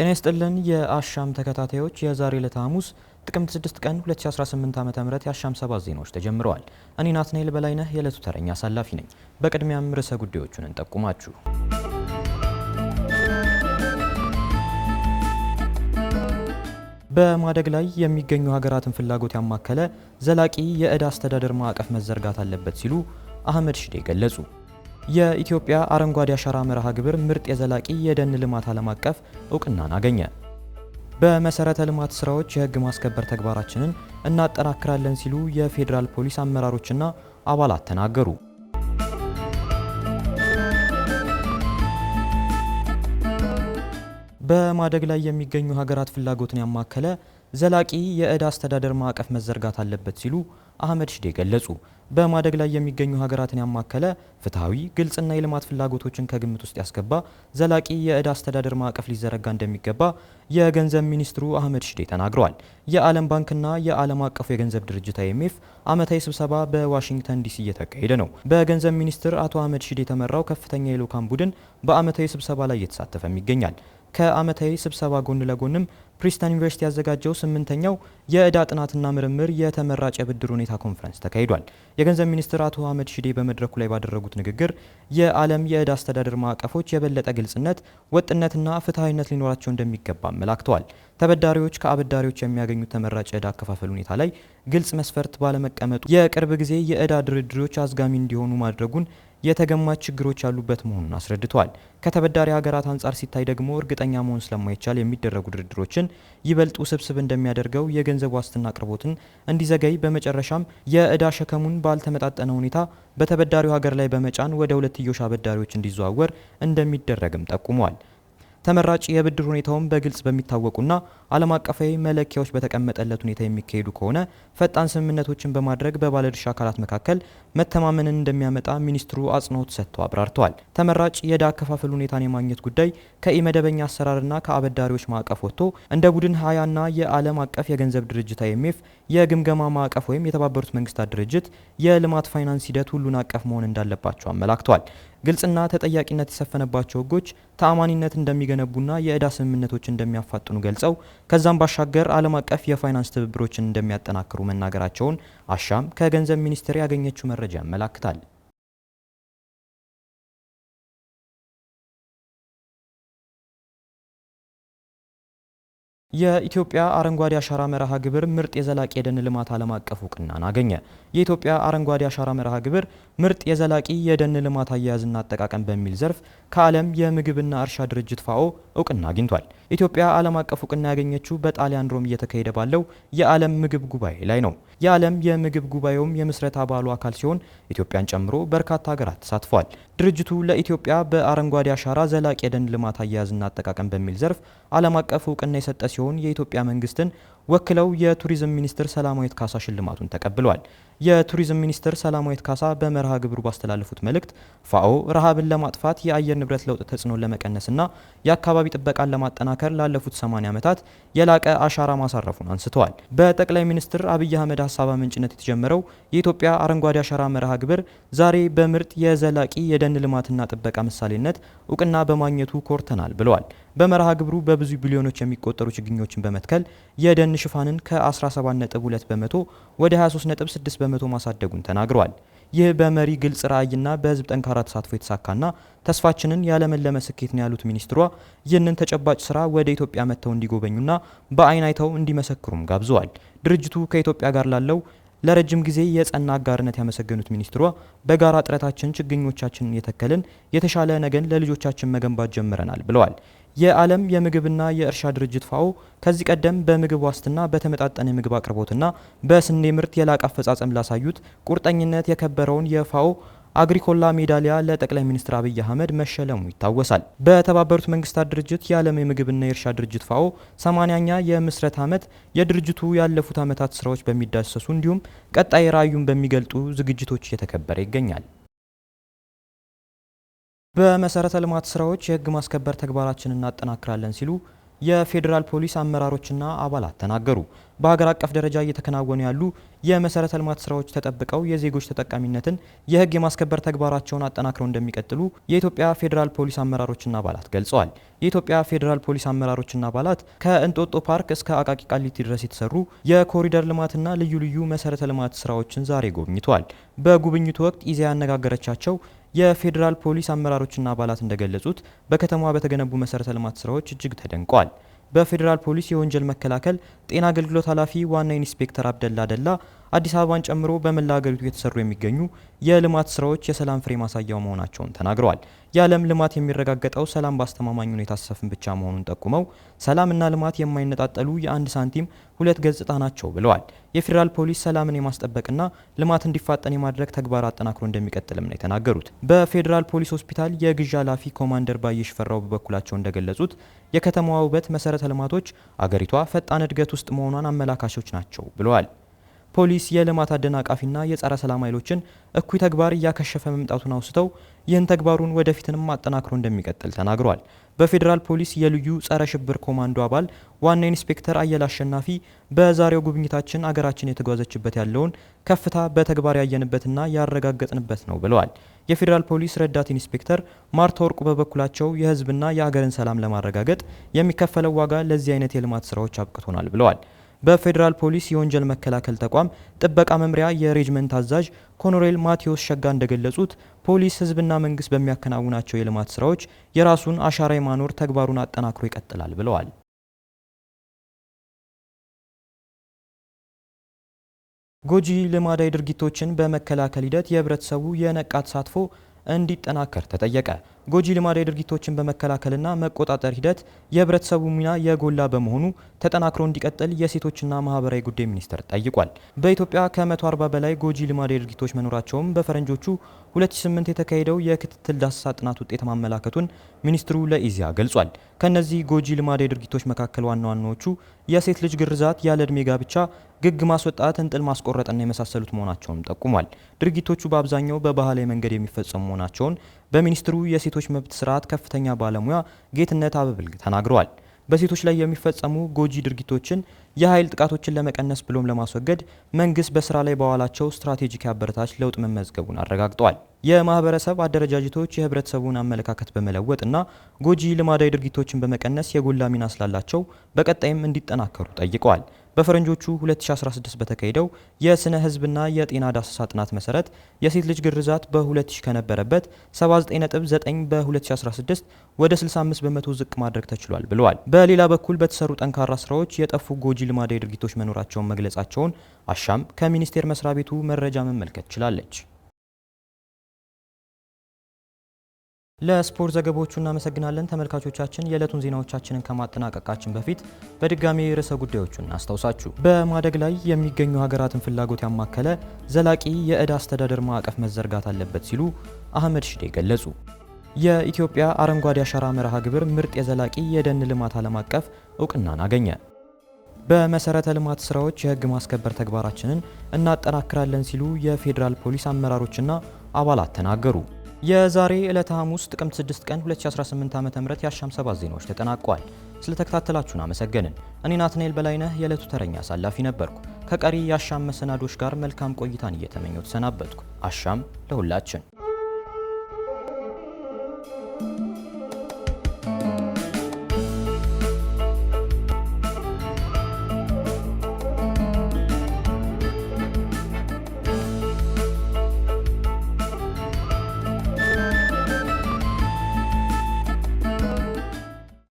ጤና ይስጥልን የአሻም ተከታታዮች የዛሬ ዕለት ሐሙስ ጥቅምት 6 ቀን 2018 ዓ.ም የአሻም ሰባት ዜናዎች ተጀምረዋል። እኔ ናትናኤል በላይነህ የዕለቱ ተረኛ አሳላፊ ነኝ። በቅድሚያም ርዕሰ ጉዳዮቹን እንጠቁማችሁ። በማደግ ላይ የሚገኙ ሀገራትን ፍላጎት ያማከለ ዘላቂ የዕዳ አስተዳደር ማዕቀፍ መዘርጋት አለበት ሲሉ አህመድ ሽዴ ገለጹ። የኢትዮጵያ አረንጓዴ አሻራ መርሃ ግብር ምርጥ የዘላቂ የደን ልማት ዓለም አቀፍ እውቅናን አገኘ። በመሰረተ ልማት ስራዎች የህግ ማስከበር ተግባራችንን እናጠናክራለን ሲሉ የፌዴራል ፖሊስ አመራሮችና አባላት ተናገሩ። በማደግ ላይ የሚገኙ ሀገራት ፍላጎትን ያማከለ ዘላቂ የዕዳ አስተዳደር ማዕቀፍ መዘርጋት አለበት ሲሉ አህመድ ሽዴ ገለጹ። በማደግ ላይ የሚገኙ ሀገራትን ያማከለ ፍትሐዊ፣ ግልጽና የልማት ፍላጎቶችን ከግምት ውስጥ ያስገባ ዘላቂ የዕዳ አስተዳደር ማዕቀፍ ሊዘረጋ እንደሚገባ የገንዘብ ሚኒስትሩ አህመድ ሽዴ ተናግረዋል። የዓለም ባንክና የዓለም አቀፉ የገንዘብ ድርጅት አይኤምኤፍ ዓመታዊ ስብሰባ በዋሽንግተን ዲሲ እየተካሄደ ነው። በገንዘብ ሚኒስትር አቶ አህመድ ሽዴ የተመራው ከፍተኛ የልኡካን ቡድን በዓመታዊ ስብሰባ ላይ እየተሳተፈም ይገኛል። ከአመታዊ ስብሰባ ጎን ለጎንም ፕሪስተን ዩኒቨርሲቲ ያዘጋጀው ስምንተኛው የዕዳ ጥናትና ምርምር የተመራጭ የብድር ሁኔታ ኮንፈረንስ ተካሂዷል። የገንዘብ ሚኒስትር አቶ አህመድ ሺዴ በመድረኩ ላይ ባደረጉት ንግግር የዓለም የዕዳ አስተዳደር ማዕቀፎች የበለጠ ግልጽነት፣ ወጥነትና ፍትሐዊነት ሊኖራቸው እንደሚገባ አመላክተዋል። ተበዳሪዎች ከአበዳሪዎች የሚያገኙት ተመራጭ ዕዳ አከፋፈል ሁኔታ ላይ ግልጽ መስፈርት ባለመቀመጡ የቅርብ ጊዜ የዕዳ ድርድሮች አዝጋሚ እንዲሆኑ ማድረጉን የተገማች ችግሮች ያሉበት መሆኑን አስረድቷል ከተበዳሪ ሀገራት አንጻር ሲታይ ደግሞ እርግጠኛ መሆን ስለማይቻል የሚደረጉ ድርድሮችን ይበልጥ ውስብስብ እንደሚያደርገው፣ የገንዘብ ዋስትና አቅርቦትን እንዲዘገይ፣ በመጨረሻም የእዳ ሸከሙን ባልተመጣጠነ ሁኔታ በተበዳሪው ሀገር ላይ በመጫን ወደ ሁለትዮሽ አበዳሪዎች እንዲዘዋወር እንደሚደረግም ጠቁመዋል። ተመራጭ የብድር ሁኔታውን በግልጽ በሚታወቁና ዓለም አቀፋዊ መለኪያዎች በተቀመጠለት ሁኔታ የሚካሄዱ ከሆነ ፈጣን ስምምነቶችን በማድረግ በባለድርሻ አካላት መካከል መተማመንን እንደሚያመጣ ሚኒስትሩ አጽንኦት ሰጥተው አብራርተዋል። ተመራጭ የዕዳ አከፋፈል ሁኔታን የማግኘት ጉዳይ ከኢመደበኛ አሰራርና ከአበዳሪዎች ማዕቀፍ ወጥቶ እንደ ቡድን ሀያና የዓለም አቀፍ የገንዘብ ድርጅት አይኤምኤፍ የግምገማ ማዕቀፍ ወይም የተባበሩት መንግስታት ድርጅት የልማት ፋይናንስ ሂደት ሁሉን አቀፍ መሆን እንዳለባቸው አመላክተዋል። ግልጽና ተጠያቂነት የሰፈነባቸው ህጎች ተአማኒነት እንደሚገነቡና የዕዳ ስምምነቶች እንደሚያፋጥኑ ገልጸው ከዛም ባሻገር ዓለም አቀፍ የፋይናንስ ትብብሮችን እንደሚያጠናክሩ መናገራቸውን አሻም ከገንዘብ ሚኒስቴር ያገኘችው መረጃ ያመላክታል። የኢትዮጵያ አረንጓዴ አሻራ መርሃ ግብር ምርጥ የዘላቂ የደን ልማት ዓለም አቀፍ እውቅናን አገኘ። የኢትዮጵያ አረንጓዴ አሻራ መርሃ ግብር ምርጥ የዘላቂ የደን ልማት አያያዝና አጠቃቀም በሚል ዘርፍ ከዓለም የምግብና እርሻ ድርጅት ፋኦ እውቅና አግኝቷል። ኢትዮጵያ ዓለም አቀፍ እውቅና ያገኘችው በጣሊያን ሮም እየተካሄደ ባለው የዓለም ምግብ ጉባኤ ላይ ነው። የዓለም የምግብ ጉባኤውም የምስረት አባሉ አካል ሲሆን ኢትዮጵያን ጨምሮ በርካታ ሀገራት ተሳትፏል። ድርጅቱ ለኢትዮጵያ በአረንጓዴ አሻራ ዘላቂ የደን ልማት አያያዝና አጠቃቀም በሚል ዘርፍ ዓለም አቀፍ እውቅና የሰጠ ሲሆን የኢትዮጵያ መንግስትን ወክለው የቱሪዝም ሚኒስትር ሰላማዊት ካሳ ሽልማቱን ተቀብሏል። የቱሪዝም ሚኒስትር ሰላማዊት ካሳ በመርሃ ግብሩ ባስተላለፉት መልእክት ፋኦ ረሃብን ለማጥፋት የአየር ንብረት ለውጥ ተጽዕኖን ለመቀነስና የአካባቢ ጥበቃን ለማጠናከር ላለፉት 80 ዓመታት የላቀ አሻራ ማሳረፉን አንስተዋል። በጠቅላይ ሚኒስትር አብይ አህመድ ሀሳብ አመንጭነት የተጀመረው የኢትዮጵያ አረንጓዴ አሻራ መርሃ ግብር ዛሬ በምርጥ የዘላቂ የደን ልማትና ጥበቃ ምሳሌነት እውቅና በማግኘቱ ኮርተናል ብለዋል። በመርሃ ግብሩ በብዙ ቢሊዮኖች የሚቆጠሩ ችግኞችን በመትከል የደን ሽፋንን ከ17.2 በመቶ ወደ 23.6 በመቶ ማሳደጉን ተናግረዋል። ይህ በመሪ ግልጽ ራዕይና በህዝብ ጠንካራ ተሳትፎ የተሳካና ተስፋችንን ያለመለመ ስኬት ነው ያሉት ሚኒስትሯ ይህንን ተጨባጭ ስራ ወደ ኢትዮጵያ መጥተው እንዲጎበኙና በአይን አይተው እንዲመሰክሩም ጋብዘዋል። ድርጅቱ ከኢትዮጵያ ጋር ላለው ለረጅም ጊዜ የጸና አጋርነት ያመሰገኑት ሚኒስትሯ በጋራ ጥረታችን ችግኞቻችንን የተከልን የተሻለ ነገን ለልጆቻችን መገንባት ጀምረናል ብለዋል። የዓለም የምግብና የእርሻ ድርጅት ፋኦ ከዚህ ቀደም በምግብ ዋስትና በተመጣጠነ የምግብ አቅርቦትና በስንዴ ምርት የላቀ አፈጻጸም ላሳዩት ቁርጠኝነት የከበረውን የፋኦ አግሪኮላ ሜዳሊያ ለጠቅላይ ሚኒስትር አብይ አህመድ መሸለሙ ይታወሳል። በተባበሩት መንግስታት ድርጅት የዓለም የምግብና የእርሻ ድርጅት ፋኦ 80ኛ የምስረት ዓመት የድርጅቱ ያለፉት ዓመታት ስራዎች በሚዳሰሱ እንዲሁም ቀጣይ ራዕዩን በሚገልጡ ዝግጅቶች እየተከበረ ይገኛል። በመሰረተ ልማት ስራዎች የህግ ማስከበር ተግባራችን እናጠናክራለን ሲሉ የፌዴራል ፖሊስ አመራሮችና አባላት ተናገሩ። በሀገር አቀፍ ደረጃ እየተከናወኑ ያሉ የመሰረተ ልማት ስራዎች ተጠብቀው የዜጎች ተጠቃሚነትን የህግ የማስከበር ተግባራቸውን አጠናክረው እንደሚቀጥሉ የኢትዮጵያ ፌዴራል ፖሊስ አመራሮችና አባላት ገልጸዋል። የኢትዮጵያ ፌዴራል ፖሊስ አመራሮችና አባላት ከእንጦጦ ፓርክ እስከ አቃቂ ቃሊቲ ድረስ የተሰሩ የኮሪደር ልማትና ልዩ ልዩ መሰረተ ልማት ስራዎችን ዛሬ ጎብኝተዋል። በጉብኝቱ ወቅት ኢዜአ ያነጋገረቻቸው የፌዴራል ፖሊስ አመራሮችና አባላት እንደገለጹት በከተማዋ በተገነቡ መሰረተ ልማት ስራዎች እጅግ ተደንቀዋል። በፌዴራል ፖሊስ የወንጀል መከላከል ጤና አገልግሎት ኃላፊ ዋና ኢንስፔክተር አብደላ ደላ አዲስ አበባን ጨምሮ በመላ ሀገሪቱ የተሰሩ የሚገኙ የልማት ስራዎች የሰላም ፍሬ ማሳያው መሆናቸውን ተናግረዋል። የዓለም ልማት የሚረጋገጠው ሰላም በአስተማማኝ ሁኔታ ሲሰፍን ብቻ መሆኑን ጠቁመው ሰላምና ልማት የማይነጣጠሉ የአንድ ሳንቲም ሁለት ገጽታ ናቸው ብለዋል። የፌዴራል ፖሊስ ሰላምን የማስጠበቅና ልማት እንዲፋጠን የማድረግ ተግባር አጠናክሮ እንደሚቀጥልም ነው የተናገሩት። በፌዴራል ፖሊስ ሆስፒታል የግዢ ኃላፊ ኮማንደር ባየሽ ፈራው በበኩላቸው እንደገለጹት የከተማዋ ውበት መሰረተ ልማቶች አገሪቷ ፈጣን እድገት ውስጥ መሆኗን አመላካቾች ናቸው ብለዋል። ፖሊስ የልማት አደናቃፊና የጸረ ሰላም ኃይሎችን እኩይ ተግባር እያከሸፈ መምጣቱን አውስተው ይህን ተግባሩን ወደፊትንም አጠናክሮ እንደሚቀጥል ተናግሯል። በፌዴራል ፖሊስ የልዩ ጸረ ሽብር ኮማንዶ አባል ዋና ኢንስፔክተር አየል አሸናፊ በዛሬው ጉብኝታችን አገራችን የተጓዘችበት ያለውን ከፍታ በተግባር ያየንበትና ያረጋገጥንበት ነው ብለዋል። የፌዴራል ፖሊስ ረዳት ኢንስፔክተር ማርታ ወርቁ በበኩላቸው የህዝብና የሀገርን ሰላም ለማረጋገጥ የሚከፈለው ዋጋ ለዚህ አይነት የልማት ስራዎች አብቅቶናል ብለዋል። በፌዴራል ፖሊስ የወንጀል መከላከል ተቋም ጥበቃ መምሪያ የሬጅመንት አዛዥ ኮኖሬል ማቴዎስ ሸጋ እንደገለጹት ፖሊስ ህዝብና መንግስት በሚያከናውናቸው የልማት ስራዎች የራሱን አሻራ የማኖር ተግባሩን አጠናክሮ ይቀጥላል ብለዋል። ጎጂ ልማዳዊ ድርጊቶችን በመከላከል ሂደት የህብረተሰቡ የነቃ ተሳትፎ እንዲጠናከር ተጠየቀ። ጎጂ ልማዳዊ ድርጊቶችን በመከላከልና መቆጣጠር ሂደት የህብረተሰቡ ሚና የጎላ በመሆኑ ተጠናክሮ እንዲቀጥል የሴቶችና ማህበራዊ ጉዳይ ሚኒስቴር ጠይቋል። በኢትዮጵያ ከ140 በላይ ጎጂ ልማዳዊ ድርጊቶች መኖራቸውም በፈረንጆቹ 2008 የተካሄደው የክትትል ዳሰሳ ጥናት ውጤት ማመላከቱን ሚኒስትሩ ለኢዜአ ገልጿል። ከእነዚህ ጎጂ ልማዳዊ ድርጊቶች መካከል ዋና ዋናዎቹ የሴት ልጅ ግርዛት፣ ያለ ዕድሜ ጋብቻ፣ ግግ ማስወጣት፣ እንጥል ማስቆረጥና የመሳሰሉት መሆናቸውን ጠቁሟል። ድርጊቶቹ በአብዛኛው በባህላዊ መንገድ የሚፈጸሙ መሆናቸውን በሚኒስትሩ የሴቶች መብት ስርዓት ከፍተኛ ባለሙያ ጌትነት አበብል ተናግረዋል። በሴቶች ላይ የሚፈጸሙ ጎጂ ድርጊቶችን፣ የኃይል ጥቃቶችን ለመቀነስ ብሎም ለማስወገድ መንግስት በስራ ላይ በዋላቸው ስትራቴጂክ አበረታች ለውጥ መመዝገቡን አረጋግጧል። የማህበረሰብ አደረጃጀቶች የህብረተሰቡን አመለካከት በመለወጥ እና ጎጂ ልማዳዊ ድርጊቶችን በመቀነስ የጎላ ሚና ስላላቸው በቀጣይም እንዲጠናከሩ ጠይቀዋል። በፈረንጆቹ 2016 በተካሄደው የስነ ህዝብና የጤና ዳሰሳ ጥናት መሰረት የሴት ልጅ ግርዛት በ2000 ከነበረበት 79.9 በ2016 ወደ 65 በመቶ ዝቅ ማድረግ ተችሏል ብለዋል። በሌላ በኩል በተሰሩ ጠንካራ ስራዎች የጠፉ ጎጂ ልማዳዊ ድርጊቶች መኖራቸውን መግለጻቸውን አሻም ከሚኒስቴር መስሪያ ቤቱ መረጃ መመልከት ችላለች። ለስፖርት ዘገባዎቹ እናመሰግናለን። ተመልካቾቻችን የዕለቱን ዜናዎቻችንን ከማጠናቀቃችን በፊት በድጋሚ ርዕሰ ጉዳዮቹን አስታውሳችሁ። በማደግ ላይ የሚገኙ ሀገራትን ፍላጎት ያማከለ ዘላቂ የዕዳ አስተዳደር ማዕቀፍ መዘርጋት አለበት ሲሉ አህመድ ሽዴ ገለጹ። የኢትዮጵያ አረንጓዴ አሻራ መርሃ ግብር ምርጥ የዘላቂ የደን ልማት ዓለም አቀፍ እውቅናን አገኘ። በመሰረተ ልማት ስራዎች የህግ ማስከበር ተግባራችንን እናጠናክራለን ሲሉ የፌዴራል ፖሊስ አመራሮችና አባላት ተናገሩ። የዛሬ ዕለተ ሐሙስ ጥቅምት 6 ቀን 2018 ዓ.ም የአሻም ሰባት ዜናዎች ተጠናቀዋል። ስለተከታተላችሁን አመሰገንን። እኔ ናትናኤል በላይነህ የዕለቱ ተረኛ አሳላፊ ነበርኩ። ከቀሪ የአሻም መሰናዶች ጋር መልካም ቆይታን እየተመኘው ተሰናበትኩ። አሻም ለሁላችን!